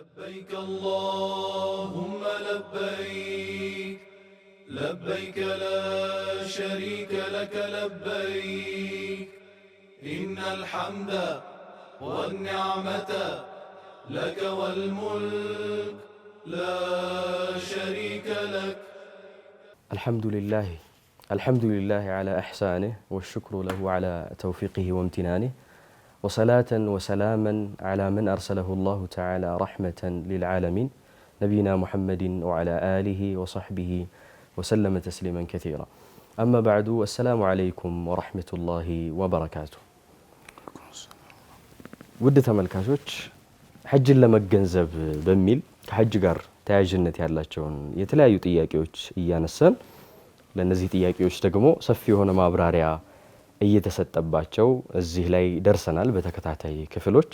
لبيك اللهم لبيك لبيك لا شريك لك لبيك إن الحمد والنعمة لك والملك لا شريك لك الحمد لله الحمد لله على إحسانه والشكر له على توفيقه وامتنانه ወሰላተን ወሰላመን ዓላ መን አርሰለሁ ላሁ ተዓላ ረሕመተን ሊልዓለሚን ነቢይና ሙሐመድን ወዓላ አሊሂ ወሰሕቢሂ ወሰለመ ተስሊመን ከሲራ አማ ባዕዱ አሰላሙ ዓለይኩም ወረሕመቱላሂ ወበረካቱ። ውድ ተመልካቾች ሐጅን ለመገንዘብ በሚል ከሐጅ ጋር ተያያዥነት ያላቸውን የተለያዩ ጥያቄዎች እያነሳን ለእነዚህ ጥያቄዎች ደግሞ ሰፊ የሆነ ማብራሪያ እየተሰጠባቸው እዚህ ላይ ደርሰናል። በተከታታይ ክፍሎች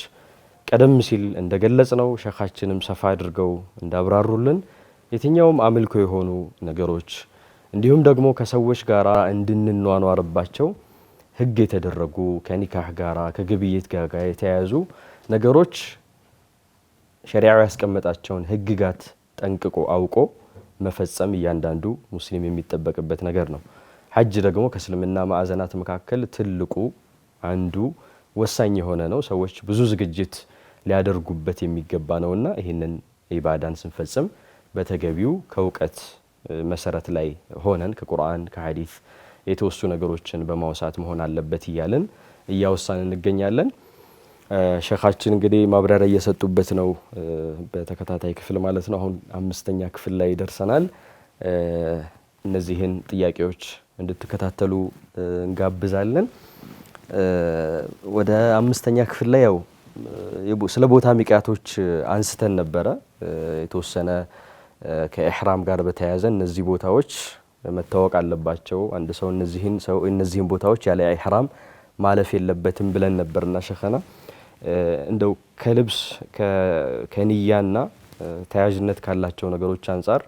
ቀደም ሲል እንደገለጽ ነው ሸካችንም ሰፋ አድርገው እንዳብራሩልን የትኛውም አምልኮ የሆኑ ነገሮች እንዲሁም ደግሞ ከሰዎች ጋር እንድንኗኗርባቸው ሕግ የተደረጉ ከኒካህ ጋር ከግብይት ጋር የተያያዙ ነገሮች ሸሪያው ያስቀመጣቸውን ሕግጋት ጠንቅቆ አውቆ መፈጸም እያንዳንዱ ሙስሊም የሚጠበቅበት ነገር ነው። ሐጅ ደግሞ ከእስልምና ማዕዘናት መካከል ትልቁ አንዱ ወሳኝ የሆነ ነው። ሰዎች ብዙ ዝግጅት ሊያደርጉበት የሚገባ ነውና ይህንን ኢባዳን ስንፈጽም በተገቢው ከእውቀት መሰረት ላይ ሆነን ከቁርአን ከሐዲስ የተወሱ ነገሮችን በማውሳት መሆን አለበት እያለን እያወሳን እንገኛለን። ሸካችን እንግዲህ ማብራሪያ እየሰጡበት ነው፣ በተከታታይ ክፍል ማለት ነው። አሁን አምስተኛ ክፍል ላይ ደርሰናል። እነዚህን ጥያቄዎች እንድትከታተሉ እንጋብዛለን። ወደ አምስተኛ ክፍል ላይ ያው ስለ ቦታ ሚቃቶች አንስተን ነበረ። የተወሰነ ከኢሕራም ጋር በተያያዘ እነዚህ ቦታዎች መታወቅ አለባቸው፣ አንድ ሰው እነዚህን ሰው እነዚህን ቦታዎች ያለ ኢሕራም ማለፍ የለበትም ብለን ነበርና ሸኸና እንደው ከልብስ ከንያና ተያያዥነት ካላቸው ነገሮች አንጻር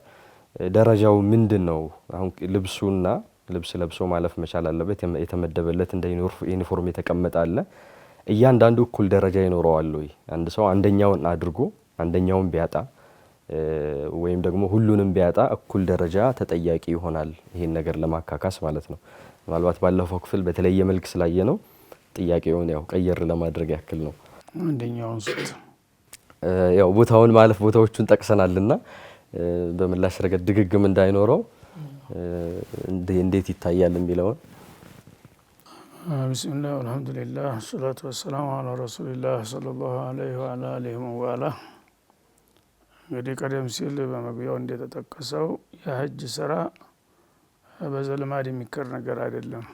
ደረጃው ምንድን ነው? አሁን ልብሱና ልብስ ለብሶ ማለፍ መቻል አለበት። የተመደበለት እንደ ዩኒፎርም የተቀመጠ አለ። እያንዳንዱ እኩል ደረጃ ይኖረዋል ወይ? አንድ ሰው አንደኛውን አድርጎ አንደኛውን ቢያጣ ወይም ደግሞ ሁሉንም ቢያጣ እኩል ደረጃ ተጠያቂ ይሆናል። ይሄን ነገር ለማካካስ ማለት ነው። ምናልባት ባለፈው ክፍል በተለየ መልክ ስላየ ነው ጥያቄውን ያው ቀየር ለማድረግ ያክል ነው። አንደኛውን ያው ቦታውን ማለፍ ቦታዎቹን ጠቅሰናልና በምላሽ ረገድ ድግግም እንዳይኖረው እንዴት ይታያል የሚለውን ቢስሚላህ አልሐምዱሊላህ ሰላቱ ወሰላሙ አላ ረሱሊላህ ሰለላሁ አለይሂ ወአላ አሊሂ ወአላ። እንግዲህ ቀደም ሲል በመግቢያው እንደተጠቀሰው የሀጅ ስራ በዘልማድ የሚከር ነገር አይደለም።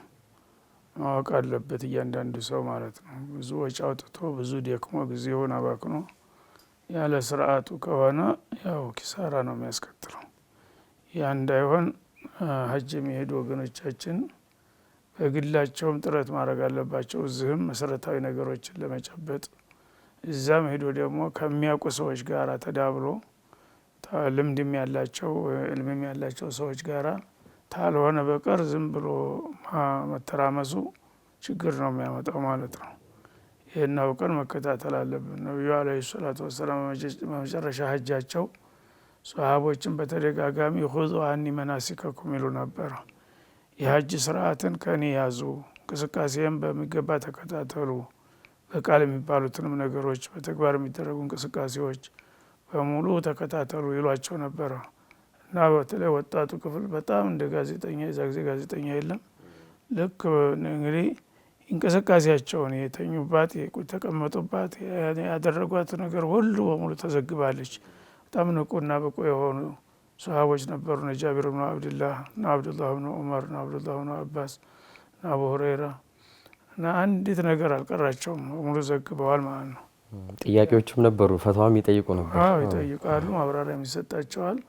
ማወቅ አለበት እያንዳንዱ ሰው ማለት ነው። ብዙ ወጪ አውጥቶ ብዙ ደክሞ ጊዜውን አባክኖ ያለ ስርዓቱ ከሆነ ያው ኪሳራ ነው የሚያስከትለው። ያ እንዳይሆን ሀጅ የሚሄዱ ወገኖቻችን በግላቸውም ጥረት ማድረግ አለባቸው። እዚህም መሰረታዊ ነገሮችን ለመጨበጥ እዛም ሄዶ ደግሞ ከሚያውቁ ሰዎች ጋር ተዳብሎ ልምድም ያላቸው እልምም ያላቸው ሰዎች ጋር ታልሆነ በቀር ዝም ብሎ መተራመሱ ችግር ነው የሚያመጣው ማለት ነው። ይህን አውቀን መከታተል አለብን። ነቢዩ አለይሂ ሰላቱ ወሰላም በመጨረሻ ሀጃቸው ሰሃቦችን በተደጋጋሚ ሁዙ አኒ መናሲከኩም ይሉ ነበረ። የሀጅ ስርዓትን ከኔ ያዙ፣ እንቅስቃሴም በሚገባ ተከታተሉ፣ በቃል የሚባሉትንም ነገሮች፣ በተግባር የሚደረጉ እንቅስቃሴዎች በሙሉ ተከታተሉ ይሏቸው ነበረ እና በተለይ ወጣቱ ክፍል በጣም እንደ ጋዜጠኛ የዛ ጊዜ ጋዜጠኛ የለም ልክ እንግዲህ እንቅስቃሴያቸውን የተኙባት፣ የተቀመጡባት፣ ያደረጓት ነገር ሁሉ በሙሉ ተዘግባለች። በጣም ንቁና ብቁ የሆኑ ሰሃቦች ነበሩ። ነ ጃቢር ብኑ አብድላህ እና አብዱላህ ብኑ ዑመር እና አብዱላህ ብኑ አባስ እና አቡ ሁረይራ እና አንዲት ነገር አልቀራቸውም። በሙሉ ዘግበዋል ማለት ነው። ጥያቄዎችም ነበሩ፣ ፈትዋም ይጠይቁ ነበር። ይጠይቃሉ፣ ማብራሪያም ይሰጣቸዋል።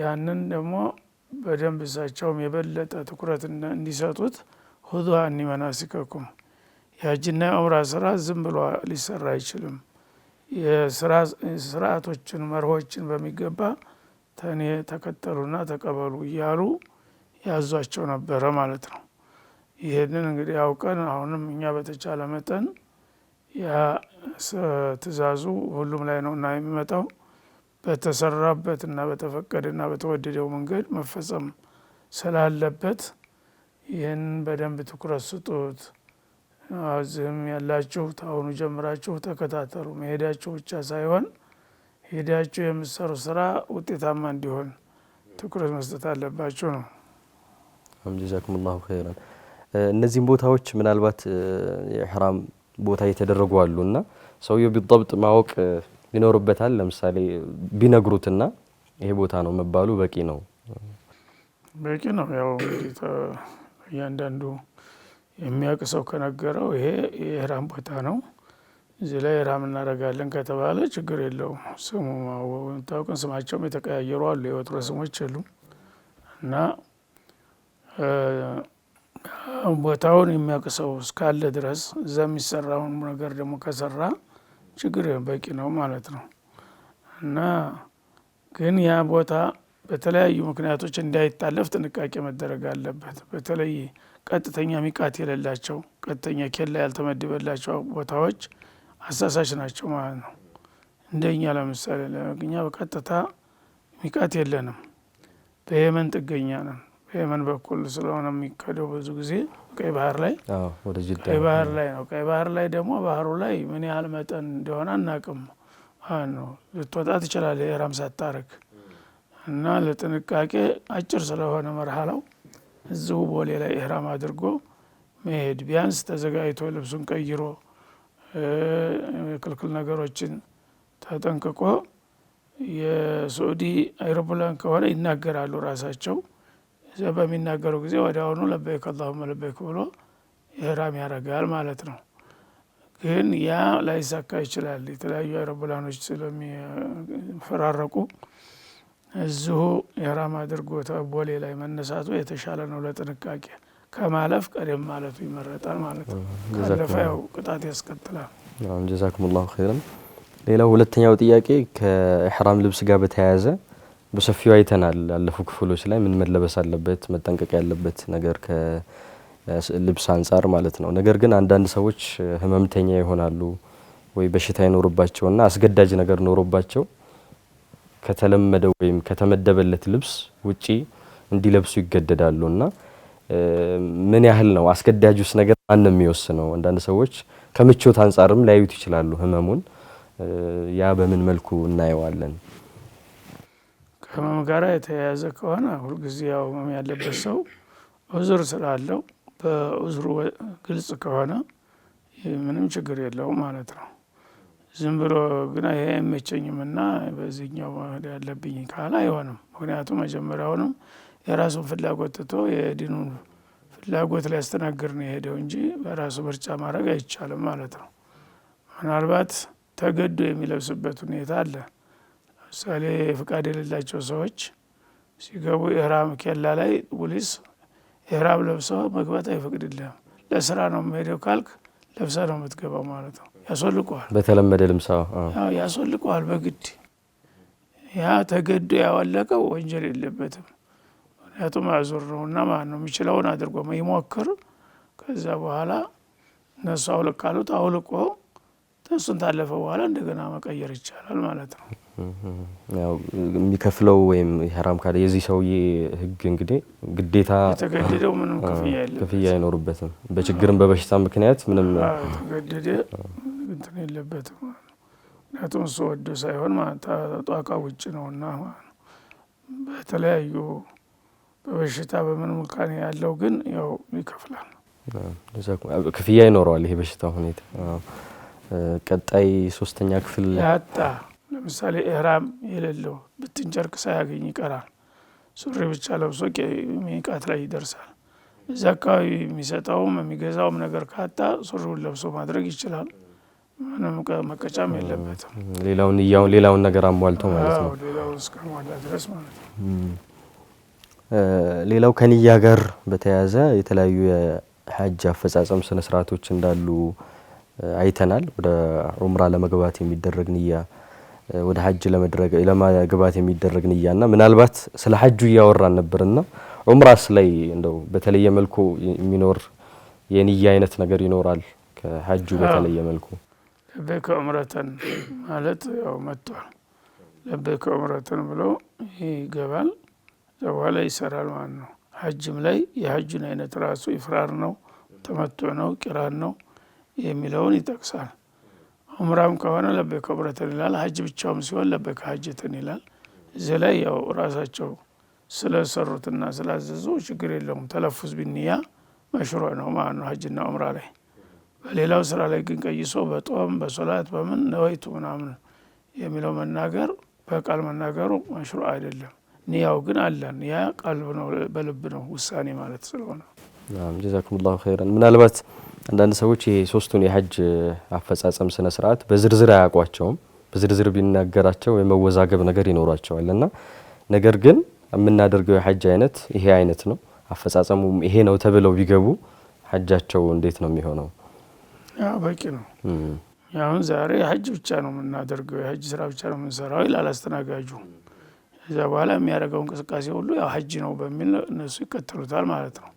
ያንን ደግሞ በደንብ እሳቸውም የበለጠ ትኩረት እንዲሰጡት አኒ መናሲከኩም የሀጅና የዑምራ ስራ ዝም ብሎ ሊሰራ አይችልም። የስርአቶችን መርሆችን በሚገባ ተኔ ተከተሉና ተቀበሉ እያሉ ያዟቸው ነበረ ማለት ነው። ይህንን እንግዲህ አውቀን አሁንም እኛ በተቻለ መጠን ያ ትእዛዙ ሁሉም ላይ ነውና የሚመጣው በተሰራበትና በተፈቀደና በተወደደው መንገድ መፈጸም ስላለበት ይህን በደንብ ትኩረት ስጡት። እዚህም ያላችሁ ታሁኑ ጀምራችሁ ተከታተሉ። መሄዳችሁ ብቻ ሳይሆን ሄዳችሁ የምሰሩ ስራ ውጤታማ እንዲሆን ትኩረት መስጠት አለባችሁ ነው። ጀዛኩም ላሁ ኸይራን። እነዚህም ቦታዎች ምናልባት የሕራም ቦታ የተደረጉ አሉ እና ሰውየው ቢጠብጥ ማወቅ ይኖርበታል። ለምሳሌ ቢነግሩትና ይሄ ቦታ ነው መባሉ በቂ ነው በቂ ነው ያው እያንዳንዱ የሚያውቅ ሰው ከነገረው ይሄ የኢህራም ቦታ ነው፣ እዚህ ላይ ኢህራም እናደርጋለን ከተባለ ችግር የለውም። ስሙ ታውቅን፣ ስማቸውም የተቀያየሩ አሉ፣ የወትሮ ስሞች የሉም እና ቦታውን የሚያውቅ ሰው እስካለ ድረስ እዛ የሚሰራውን ነገር ደግሞ ከሰራ ችግር በቂ ነው ማለት ነው እና ግን ያ ቦታ በተለያዩ ምክንያቶች እንዳይታለፍ ጥንቃቄ መደረግ አለበት። በተለይ ቀጥተኛ ሚቃት የሌላቸው ቀጥተኛ ኬላ ያልተመደበላቸው ቦታዎች አሳሳች ናቸው ማለት ነው። እንደኛ ለምሳሌ ለመግኛ በቀጥታ ሚቃት የለንም። በየመን ጥገኛ ነን። በየመን በኩል ስለሆነ የሚከደው ብዙ ጊዜ ቀይ ባህር ላይ ቀይ ባህር ላይ ነው። ቀይ ባህር ላይ ደግሞ ባህሩ ላይ ምን ያህል መጠን እንደሆነ አናቅም ነው። ልትወጣ ትችላለህ የራም ሳታረግ እና ለጥንቃቄ አጭር ስለሆነ መርሃላው እዚሁ ቦሌ ላይ ኢህራም አድርጎ መሄድ ቢያንስ ተዘጋጅቶ ልብሱን ቀይሮ ክልክል ነገሮችን ተጠንቅቆ የስዑዲ አይሮፕላን ከሆነ ይናገራሉ ራሳቸው በሚናገሩ ጊዜ ወዲያውኑ ለበይክ አላሁመ ለበይክ ብሎ ኢህራም ያደርጋል ማለት ነው። ግን ያ ላይሳካ ይችላል። የተለያዩ አይሮፕላኖች ስለሚፈራረቁ እዚሁ የህራም አድርጎ ቦሌ ላይ መነሳቱ የተሻለ ነው ለጥንቃቄ ከማለፍ ቀደም ማለቱ ይመረጣል ማለት ነው። ካለፈ ያው ቅጣት ያስቀጥላል። ጀዛኩም ላሁ ኸይረን። ሌላው ሁለተኛው ጥያቄ ከኢሕራም ልብስ ጋር በተያያዘ በሰፊው አይተናል። ያለፉ ክፍሎች ላይ ምን መለበስ አለበት፣ መጠንቀቅ ያለበት ነገር ከልብስ አንጻር ማለት ነው። ነገር ግን አንዳንድ ሰዎች ህመምተኛ ይሆናሉ ወይ በሽታ ይኖርባቸውና አስገዳጅ ነገር ኖሮባቸው ከተለመደው ወይም ከተመደበለት ልብስ ውጪ እንዲለብሱ ይገደዳሉ። እና ምን ያህል ነው አስገዳጁስ ነገር ማን ነው የሚወስነው? አንዳንድ ሰዎች ከምቾት አንጻርም ሊያዩት ይችላሉ ህመሙን። ያ በምን መልኩ እናየዋለን? ከህመም ጋር የተያያዘ ከሆነ ሁልጊዜ ያው ህመም ያለበት ሰው ዑዙር ስላለው በዑዙሩ ግልጽ ከሆነ ምንም ችግር የለውም ማለት ነው። ዝም ብሎ ግን ይሄ አይመቸኝም እና በዚህኛው መሄድ ያለብኝ ካል አይሆንም። ምክንያቱም መጀመሪያውንም የራሱን ፍላጎት ትቶ የዲኑን ፍላጎት ሊያስተናግር ነው የሄደው እንጂ በራሱ ምርጫ ማድረግ አይቻልም ማለት ነው። ምናልባት ተገዶ የሚለብስበት ሁኔታ አለ። ለምሳሌ ፍቃድ የሌላቸው ሰዎች ሲገቡ ኢህራም ኬላ ላይ ፖሊስ ኢህራም ለብሰው መግባት አይፈቅድልህም። ለስራ ነው የምሄደው ካልክ ለብሰ ነው የምትገባው ማለት ነው። ያስወልቀዋል። በተለመደ ልምሳ ያስወልቀዋል በግድ ያ ተገዶ ያወለቀው ወንጀል የለበትም። ምክንያቱም አዙር ነው እና ማን ነው የሚችለውን አድርጎ ይሞክር። ከዛ በኋላ እነሱ አውልቅ ካሉት አውልቆ ተሱን ታለፈ በኋላ እንደገና መቀየር ይቻላል ማለት ነው። ያው የሚከፍለው ወይም የሐራም ካለ የዚህ ሰውዬ ህግ እንግዲህ ግዴታ የተገደደው ምንም ክፍያ የለም፣ አይኖርበትም። በችግርም በበሽታ ምክንያት ምንም ተገደደ እንትን የለበትም። ምክንያቱም እሱ ወዶ ሳይሆን ጧቃ ውጭ ነው እና በተለያዩ በበሽታ በምን ምካን ያለው ግን ያው ይከፍላል፣ ክፍያ ይኖረዋል። ይሄ በሽታ ሁኔታ ቀጣይ ሶስተኛ ክፍል ያጣ ለምሳሌ ኤህራም የሌለው ብትን ጨርቅ ሳያገኝ ይቀራል። ሱሪ ብቻ ለብሶ ሚቃት ላይ ይደርሳል። እዚ አካባቢ የሚሰጠውም የሚገዛውም ነገር ካጣ ሱሪውን ለብሶ ማድረግ ይችላል። ምንም መቀጫም የለበትም። ሌላውን ሌላውን ነገር አሟልቶ ማለት ነው። እስከሟላ ድረስ ማለት ነው። ሌላው ከንያ ጋር በተያያዘ የተለያዩ የሀጅ አፈጻጸም ስነስርዓቶች እንዳሉ አይተናል። ወደ ዑምራ ለመግባት የሚደረግ ንያ ወደ ሀጅ ለመድረግ ለመግባት የሚደረግ ንያና ምናልባት ስለ ሀጁ እያወራን ነበርና ዑምራስ ላይ እንደው በተለየ መልኩ የሚኖር የንያ አይነት ነገር ይኖራል ከሀጁ በተለየ መልኩ ለበይከ ዑምረተን ማለት ያው መጥቷል። ለበይከ ዑምረተን ብሎ ይገባል። እዛ በኋላ ይሰራል ማለት ነው። ሀጅም ላይ የሀጁን አይነት ራሱ ይፍራር ነው፣ ተመቶ ነው፣ ቂራን ነው የሚለውን ይጠቅሳል። ኡምራም ከሆነ ለበይ ከብረትን ይላል። ሀጅ ብቻውም ሲሆን ለበይ ከሀጅትን ይላል። እዚህ ላይ ያው ራሳቸው ስለሰሩትና ስላዘዙ ችግር የለውም። ተለፉዝ ቢንያ መሽሮ ነው ማለት ነው ሀጅና ኡምራ ላይ። በሌላው ስራ ላይ ግን ቀይሶ በጦም በሶላት በምን ነወይቱ ምናምን የሚለው መናገር በቃል መናገሩ መሽሮ አይደለም። ንያው ግን አለ። ንያ ቀልብ ነው፣ በልብ ነው ውሳኔ ማለት ስለሆነ ጀዛኩም ላሁ ኸይረን ምናልባት አንዳንድ ሰዎች ይሄ ሶስቱን የሀጅ አፈጻጸም ስነ ስርዓት በዝርዝር አያውቋቸውም። በዝርዝር ቢናገራቸው የመወዛገብ ነገር ይኖሯቸዋል እና ነገር ግን የምናደርገው የሀጅ አይነት ይሄ አይነት ነው፣ አፈጻጸሙ ይሄ ነው ተብለው ቢገቡ ሀጃቸው እንዴት ነው የሚሆነው? በቂ ነው። አሁን ዛሬ ሀጅ ብቻ ነው የምናደርገው፣ የሀጅ ስራ ብቻ ነው የምንሰራው ይላል አስተናጋጁ። ከዚያ በኋላ የሚያደርገው እንቅስቃሴ ሁሉ ያው ሀጅ ነው በሚል እነሱ ይከተሉታል ማለት ነው።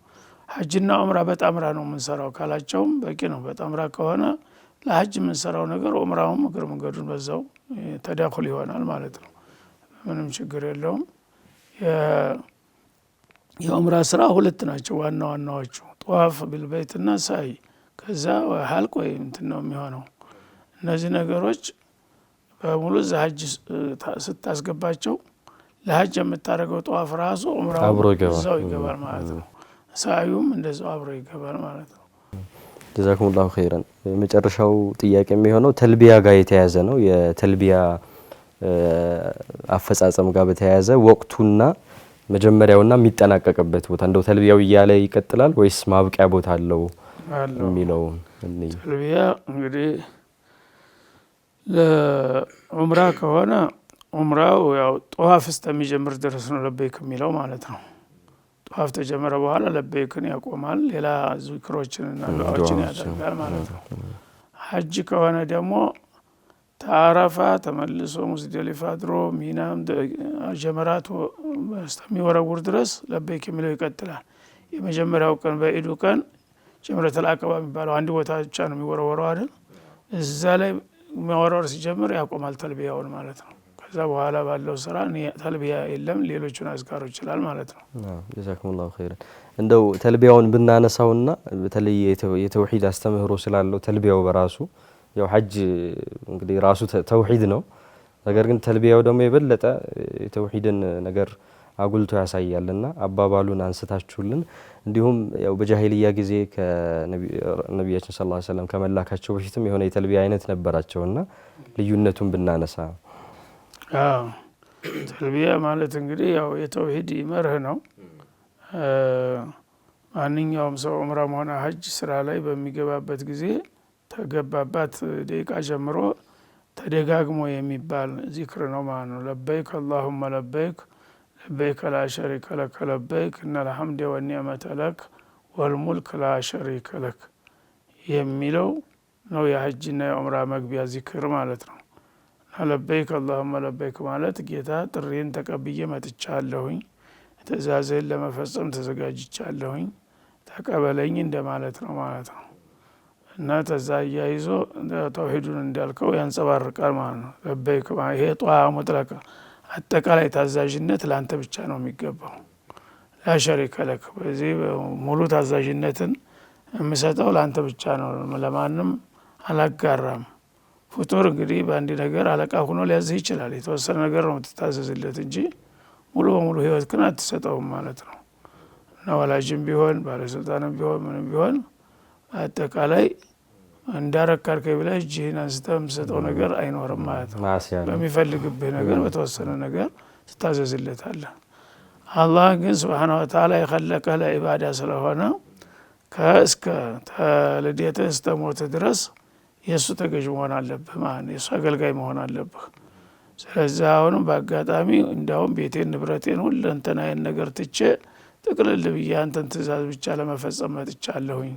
ሀጅና ኦምራ በጣምራ ነው የምንሰራው ካላቸውም በቂ ነው። በጣምራ ከሆነ ለሀጅ የምንሰራው ነገር ኦምራውም እግር መንገዱን በዛው ተዳኩል ይሆናል ማለት ነው። ምንም ችግር የለውም። የኦምራ ስራ ሁለት ናቸው ዋና ዋናዎቹ ጠዋፍ ቢልበይትና ሳይ፣ ከዛ ሀልቅ ወይ እንትን ነው የሚሆነው። እነዚህ ነገሮች በሙሉ እዛ ሀጅ ስታስገባቸው ለሀጅ የምታደርገው ጠዋፍ ራሱ ኡምራው እዛው ይገባል ማለት ነው። ሳዩም እንደዛው አብሮ ይገባል ማለት ነው። ጀዛኩሙላሁ ኸይረን። የመጨረሻው ጥያቄ የሚሆነው ተልቢያ ጋር የተያያዘ ነው። የተልቢያ አፈጻጸም ጋር በተያያዘ ወቅቱና መጀመሪያውና የሚጠናቀቅበት ቦታ እንደው ተልቢያው እያለ ይቀጥላል ወይስ ማብቂያ ቦታ አለው የሚለው ተልቢያ እንግዲህ ለዑምራ ከሆነ ዑምራው ያው ጠዋፍ እስከሚጀምር ድረስ ነው፣ ለበይክ የሚለው ማለት ነው። ጧፍ ተጀመረ በኋላ ለበይክን ያቆማል። ሌላ ዝክሮችንና ዱዓዎችን ያደርጋል ማለት ነው። ሐጅ ከሆነ ደግሞ ተአረፋ ተመልሶ ሙዝደሊፋ ድሮ ሚናም ጀመራቱ እስከሚወረውር ድረስ ለበይክ የሚለው ይቀጥላል። የመጀመሪያው ቀን በኢዱ ቀን ጀምረተል አቀባ የሚባለው አንድ ቦታ ብቻ ነው የሚወረወረው አይደል? እዛ ላይ መወረወር ሲጀምር ያቆማል ተልቢያውን ማለት ነው። ከዛ በኋላ ባለው ስራ ተልቢያ የለም፣ ሌሎቹን አዝካሩ ይችላል ማለት ነው። ጀዛኩሙላሁ ኸይረን። እንደው ተልቢያውን ብናነሳውና በተለይ የተውሂድ አስተምህሮ ስላለው ተልቢያው በራሱ ያው ሐጅ እንግዲህ ራሱ ተውሂድ ነው። ነገር ግን ተልቢያው ደግሞ የበለጠ የተውሒድን ነገር አጉልቶ ያሳያልና አባባሉን አንስታችሁልን፣ እንዲሁም ያው በጃሂልያ ጊዜ ከነቢያችን ሰለላሁ ዐለይሂ ወሰለም ከመላካቸው በፊትም የሆነ የተልቢያ አይነት ነበራቸውና ልዩነቱን ብናነሳ ተልቢያ ማለት እንግዲህ ያው የተውሂድ መርህ ነው። ማንኛውም ሰው ዑምራም ሆነ ሀጅ ስራ ላይ በሚገባበት ጊዜ ተገባባት ደቂቃ ጀምሮ ተደጋግሞ የሚባል ዚክር ነው ማለት ነው። ለበይክ አላሁመ ለበይክ ለበይክ ላ ሸሪከ ለከ ለበይክ እነል ወኒዕመተ ለክ ወልሙልክ ላ ሸሪከ ለክ የሚለው ነው የሀጅና የዑምራ መግቢያ ዚክር ማለት ነው። አለበይክ አላሁመ ለበይክ ማለት ጌታ ጥሪን ተቀብዬ መጥቻለሁኝ፣ ትእዛዝህን ለመፈጸም ተዘጋጅቻለሁኝ፣ ተቀበለኝ እንደማለት ነው ማለት ነው። እና ተዛ እያይዞ ተውሂዱን እንዳልከው ያንጸባርቃል ማለት ነው። ለበይክ ይሄ ጠዋ ሙጥለቃ አጠቃላይ ታዛዥነት ለአንተ ብቻ ነው የሚገባው፣ ላሸሪከ ለክ። በዚህ ሙሉ ታዛዥነትን የምሰጠው ለአንተ ብቻ ነው፣ ለማንም አላጋራም። ፍጡር እንግዲህ በአንድ ነገር አለቃ ሁኖ ሊያዝህ ይችላል። የተወሰነ ነገር ነው የምትታዘዝለት እንጂ ሙሉ በሙሉ ህይወት ግን አትሰጠውም ማለት ነው እና ወላጅም ቢሆን ባለስልጣንም ቢሆን ምንም ቢሆን አጠቃላይ እንዳረካርከኝ ብላ እጅህን አንስተ የምሰጠው ነገር አይኖርም ማለት ነው። በሚፈልግብህ ነገር በተወሰነ ነገር ትታዘዝለታለህ። አላህ ግን ስብሓነ ወተዓላ የኸለቀህ ለዒባዳ ስለሆነ ከእስከ ልደትህ እስከ ሞትህ ድረስ የእሱ ተገዥ መሆን አለብህ ማለት ነው። የእሱ አገልጋይ መሆን አለብህ። ስለዚህ አሁንም በአጋጣሚ እንዲያውም ቤቴን፣ ንብረቴን፣ ሁለንተናዬን ነገር ትቼ ጥቅልል ብዬ አንተን ትእዛዝ ብቻ ለመፈጸም መጥቻለሁኝ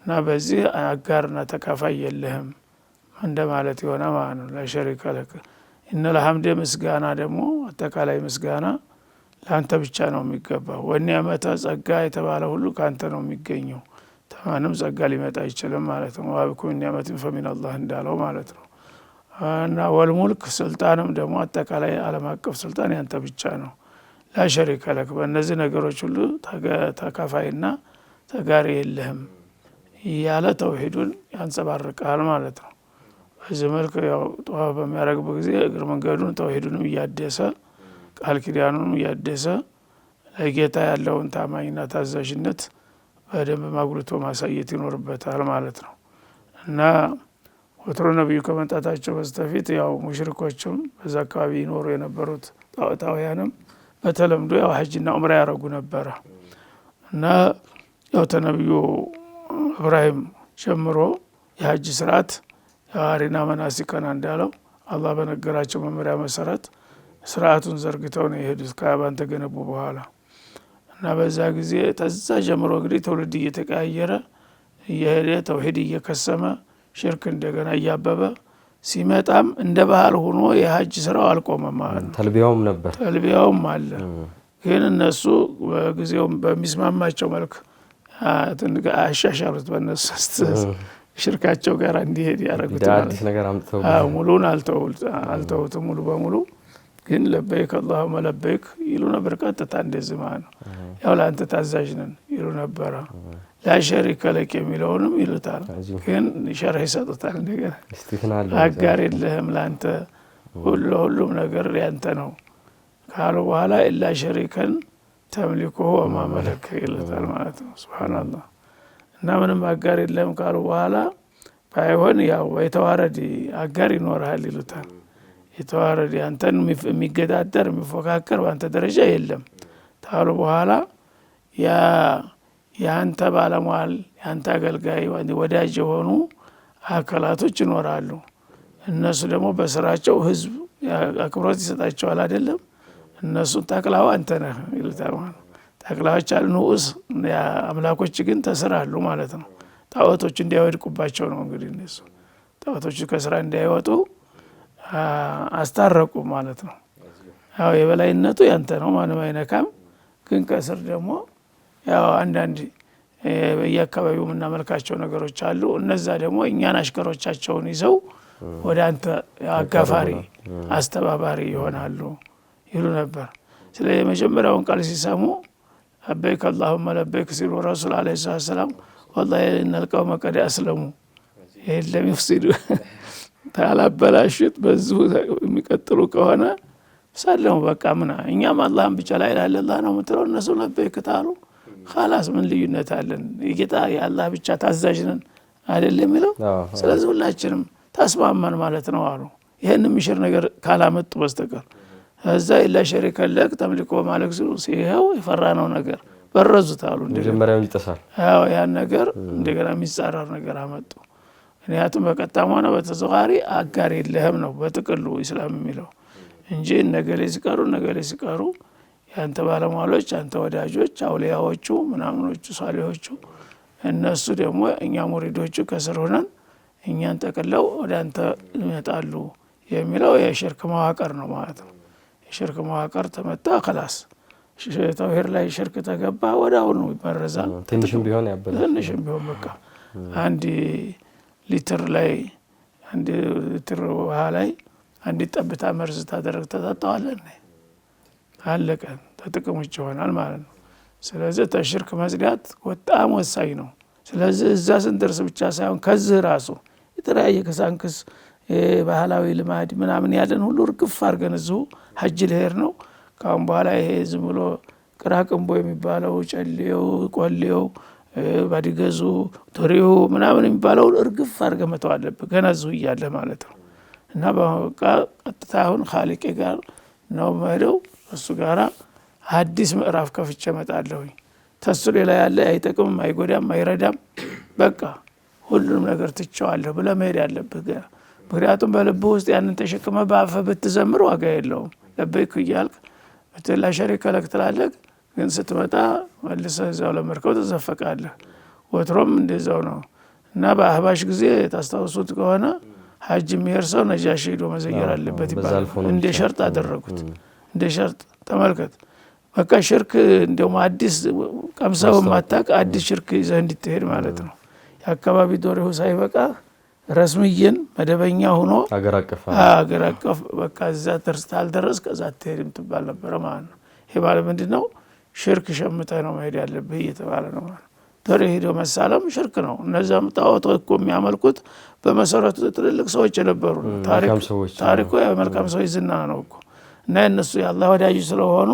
እና በዚህ አጋርና ተካፋይ የለህም እንደማለት የሆነ ማለት ነው። ለክ እነል ምስጋና ደግሞ አጠቃላይ ምስጋና ለአንተ ብቻ ነው የሚገባው። ወኒ መተ ጸጋ የተባለ ሁሉ ከአንተ ነው የሚገኘው። ማንም ጸጋ ሊመጣ አይችልም ማለት ነው። ዋብኩም ኒዕመትን ፈሚን እንዳለው ማለት ነው። እና ወልሙልክ ስልጣንም ደግሞ አጠቃላይ ዓለም አቀፍ ስልጣን ያንተ ብቻ ነው። ላሸሪከ ለክ በእነዚህ ነገሮች ሁሉ ተካፋይና ተጋሪ የለህም እያለ ተውሂዱን ያንጸባርቃል ማለት ነው። በዚህ መልክ ያው ጠዋፍ በሚያደርግበት ጊዜ እግር መንገዱን ተውሂዱንም እያደሰ ቃል ኪዳኑንም እያደሰ ለጌታ ያለውን ታማኝና ታዛዥነት በደንብ ማጉልቶ ማሳየት ይኖርበታል ማለት ነው እና ወትሮ ነቢዩ ከመምጣታቸው በስተፊት ያው ሙሽሪኮችም በዛ አካባቢ ይኖሩ የነበሩት ጣዖታውያንም በተለምዶ ያው ሐጅና ዑምራ ያደረጉ ነበረ እና ያው ተነቢዩ እብራሂም ጀምሮ የሐጅ ስርዓት መናሲ መናሲከና እንዳለው አላህ በነገራቸው መመሪያ መሰረት ስርዓቱን ዘርግተው ነው የሄዱት ከአባን ተገነቡ በኋላ እና በዛ ጊዜ ተዛ ጀምሮ እንግዲህ ትውልድ እየተቀያየረ እየሄደ ተውሂድ እየከሰመ ሽርክ እንደገና እያበበ ሲመጣም እንደ ባህል ሆኖ የሀጅ ስራው አልቆመም ማለት ነው። ተልቢያውም ነበር፣ ተልቢያውም አለ። ግን እነሱ በጊዜውም በሚስማማቸው መልክ አሻሻሉት። በነሱ ሽርካቸው ጋር እንዲሄድ ያደረጉት ሙሉን አልተውትም ሙሉ በሙሉ ግን ለበይክ አላሁመ ለበይክ ይሉ ነበር። ቀጥታ እንደዚህ ማለት ነው። ያው ለአንተ ታዛዥ ነን ይሉ ነበረ። ላሸሪከ ለክ የሚለውንም ይሉታል። ግን ሸርህ ይሰጡታል። እንደገና አጋር የለህም ለአንተ ሁሉ ሁሉም ነገር ያንተ ነው ካሉ በኋላ ኢላ ሸሪከን ተምሊኩሁ መለከ ይሉታል ማለት ነው። ሱብሓነላህ እና ምንም አጋር የለህም ካሉ በኋላ ባይሆን ያው የተዋረድ አጋር ይኖርሃል ይሉታል። የተዋረድ አንተን የሚገዳደር የሚፎካከር በአንተ ደረጃ የለም ታሉ በኋላ የአንተ ባለሟል የአንተ አገልጋይ ወዳጅ የሆኑ አካላቶች ይኖራሉ። እነሱ ደግሞ በስራቸው ህዝብ አክብሮት ይሰጣቸዋል አይደለም። እነሱን ጠቅላው አንተ ነህ ይሉታል ማለት ነው። ጠቅላዎች ንዑስ አምላኮች ግን ተስራሉ ማለት ነው። ጣዖቶች እንዳይወድቁባቸው ነው እንግዲህ እነሱ ጣዖቶቹ ከስራ እንዳይወጡ አስታረቁ ማለት ነው። ያው የበላይነቱ ያንተ ነው፣ ማንም አይነካም። ግን ከስር ደግሞ ያው አንዳንድ በየአካባቢው የምናመልካቸው ነገሮች አሉ። እነዛ ደግሞ እኛን አሽከሮቻቸውን ይዘው ወደ አንተ አጋፋሪ አስተባባሪ ይሆናሉ ይሉ ነበር። ስለ የመጀመሪያውን ቃል ሲሰሙ ለበይክ አላሁመ ለበይክ ሲሉ ረሱል አለ ሰላም ወላሂ ኢነል ቀውመ ቀድ አስለሙ ይህን ለሚፍሲዱ ታላበላሽት በዚሁ የሚቀጥሉ ከሆነ ሰለሙ በቃ ምን እኛም አላህን ብቻ ላይ ላለላ ነው ምትለው እነሱ ለበይክት አሉ። ካላስ ምን ልዩነት አለን? የጌታ የአላህ ብቻ ታዛዥ ነን አይደል የሚለው ስለዚህ ሁላችንም ተስማማን ማለት ነው አሉ። ይህን የሚሽር ነገር ካላመጡ በስተቀር እዛ ኢላ ሸሪከ ለክ ተምሊኮ ማለክ ሲሉ ሲሄው የፈራ ነው ነገር በረዙት አሉ። ያን ነገር እንደገና የሚጻረር ነገር አመጡ። ምክንያቱም በቀጥታም ሆነ በተዘዋዋሪ አጋር የለህም ነው በጥቅሉ ኢስላም የሚለው እንጂ እነገሌ ሲቀሩ እነገሌ ሲቀሩ የአንተ ባለሟሎች አንተ ወዳጆች አውሊያዎቹ ምናምኖቹ ሳሌዎቹ እነሱ ደግሞ እኛ ሙሪዶቹ ከስር ሆነን እኛን ጠቅለው ወደ አንተ ይመጣሉ የሚለው የሽርክ መዋቅር ነው ማለት ነው። የሽርክ መዋቅር ተመታ ከላስ ተውሂድ ላይ ሽርክ ተገባ ወደ አሁኑ ይበረዛል። ትንሽም ቢሆን ያበላል። ትንሽም ቢሆን በቃ አንድ ሊትር ላይ አንድ ሊትር ውሃ ላይ አንድ ጠብታ መርዝ ታደረግ ተጣጠዋለን አለቀ። ተጥቅም ውጭ ይሆናል ማለት ነው። ስለዚህ ተሽርክ መጽዳት በጣም ወሳኝ ነው። ስለዚህ እዛ ስንደርስ ብቻ ሳይሆን ከዚህ ራሱ የተለያየ ከሳንክስ ባህላዊ ልማድ ምናምን ያለን ሁሉ እርግፍ አድርገን እዚሁ ሀጅ ልሄድ ነው። ካሁን በኋላ ይሄ ዝም ብሎ ቅራቅንቦ የሚባለው ጨሌው ቆሌው ባዲገዙ ቶሪሁ ምናምን የሚባለውን እርግፍ አርገ መተው አለብህ፣ ገና እዚሁ እያለ ማለት ነው። እና በቃ ቀጥታ አሁን ካሊቄ ጋር ነው መሄደው። እሱ ጋራ አዲስ ምዕራፍ ከፍቼ እመጣለሁኝ። ተሱ ሌላ ያለ አይጠቅምም፣ አይጎዳም፣ አይረዳም፣ በቃ ሁሉንም ነገር ትቸዋለሁ ብለህ መሄድ ያለብህ ገና። ምክንያቱም በልብህ ውስጥ ያንን ተሸክመህ በአፈ ብትዘምር ዋጋ የለውም። ለበይኩ እያልክ ላ ሸሪከ ለክ ትላለህ ግን ስትመጣ መልሰ እዚያው ለመድከው ትዘፈቃለህ። ወትሮም እንደዛው ነው እና በአህባሽ ጊዜ ታስታውሱት ከሆነ ሀጅ የሚሄድ ሰው ነጃሽ ሄዶ መዘየር አለበት ይባላል። እንደ ሸርጥ አደረጉት። እንደ ሸርጥ ተመልከት። በቃ ሽርክ እንዲሁም አዲስ ቀምሰው ማታቅ አዲስ ሽርክ ይዘህ እንድትሄድ ማለት ነው። የአካባቢ ዶሬሁ ሳይበቃ ረስምዬን መደበኛ ሆኖ አገር አቀፍ በቃ እዛ ታልደረስ ከዛ አትሄድም ትባል ነበረ ማለት ነው። ይሄ ባለ ምንድ ነው? ሽርክ ሸምተ ነው መሄድ ያለብህ እየተባለ ነው ማለት ተሪ ሄዶ መሳለም ሽርክ ነው። እነዚያም ጣዖት እኮ የሚያመልኩት በመሰረቱ ትልልቅ ሰዎች የነበሩ ታሪኩ የመልካም ሰዎች ዝና ነው እኮ እና እነሱ የአላህ ወዳጅ ስለሆኑ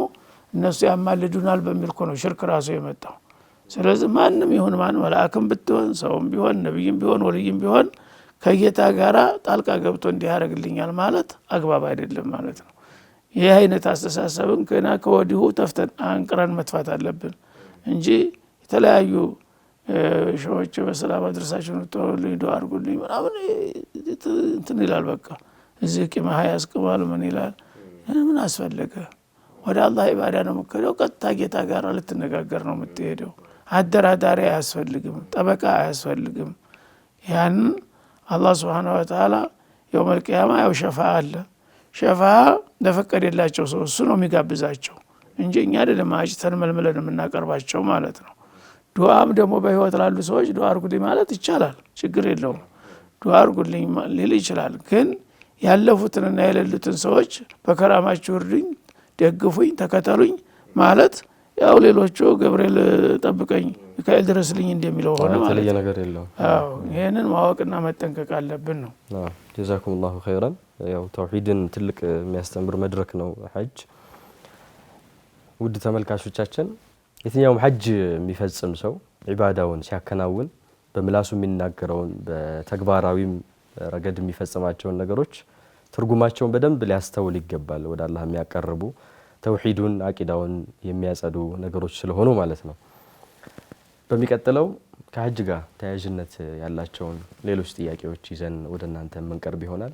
እነሱ ያማልዱናል በሚል እኮ ነው ሽርክ ራሱ የመጣው። ስለዚህ ማንም ይሁን ማን መልአክም ብትሆን ሰውም ቢሆን ነቢይም ቢሆን ወልይም ቢሆን ከጌታ ጋራ ጣልቃ ገብቶ እንዲያደረግልኛል ማለት አግባብ አይደለም ማለት ነው። ይህ አይነት አስተሳሰብን ገና ከወዲሁ ተፍተን አንቅረን መጥፋት አለብን እንጂ የተለያዩ ሸዎች በሰላም አድረሳቸው ንጠሉኝ ዶ አድርጉልኝ ምናምን እንትን ይላል። በቃ እዚህ ቂመሀ ያስቅማል ምን ይላል? ምን አስፈለገ? ወደ አላህ ኢባዳ ነው የምትሄደው። ቀጥታ ጌታ ጋር ልትነጋገር ነው የምትሄደው። አደራዳሪ አያስፈልግም፣ ጠበቃ አያስፈልግም። ያንን አላህ ስብሓነ ወተዓላ የውመል ቅያማ ያው ሸፋ አለ ሸፋ ለፈቀደላቸው ሰው እሱ ነው የሚጋብዛቸው እንጂ እኛ አይደለም አጭተን መልምለን የምናቀርባቸው ማለት ነው። ዱዓም ደግሞ በህይወት ላሉ ሰዎች ዱዓ አርጉልኝ ማለት ይቻላል፣ ችግር የለውም። ዱዓ አርጉልኝ ሊል ይችላል። ግን ያለፉትንና የሌሉትን ሰዎች በከራማችሁ እርዱኝ፣ ደግፉኝ፣ ተከተሉኝ ማለት ያው ሌሎቹ ገብርኤል ጠብቀኝ፣ ሚካኤል ድረስልኝ እንደሚለው ሆነ ማለት ነው። ይህንን ማወቅና መጠንቀቅ አለብን ነው። ጀዛኩም ላሁ ኸይረን ያው ተውሂድን ትልቅ የሚያስተምር መድረክ ነው ሐጅ። ውድ ተመልካቾቻችን የትኛውም ሐጅ የሚፈጽም ሰው ዒባዳውን ሲያከናውን በምላሱ የሚናገረውን በተግባራዊም ረገድ የሚፈጽማቸውን ነገሮች ትርጉማቸውን በደንብ ሊያስተውል ይገባል። ወደ አላህ የሚያቀርቡ ተውሂዱን አቂዳውን የሚያጸዱ ነገሮች ስለሆኑ ማለት ነው። በሚቀጥለው ከሐጅ ጋር ተያያዥነት ያላቸውን ሌሎች ጥያቄዎች ይዘን ወደ እናንተ የምንቀርብ ይሆናል።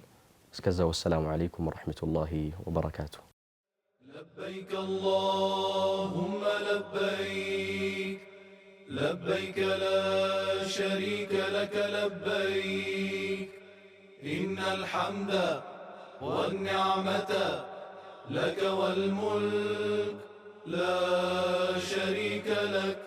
والسلام عليكم ورحمة الله وبركاته لبيك اللهم لبيك لبيك لا شريك لك لبيك إن الحمد والنعمة لك والملك لا شريك لك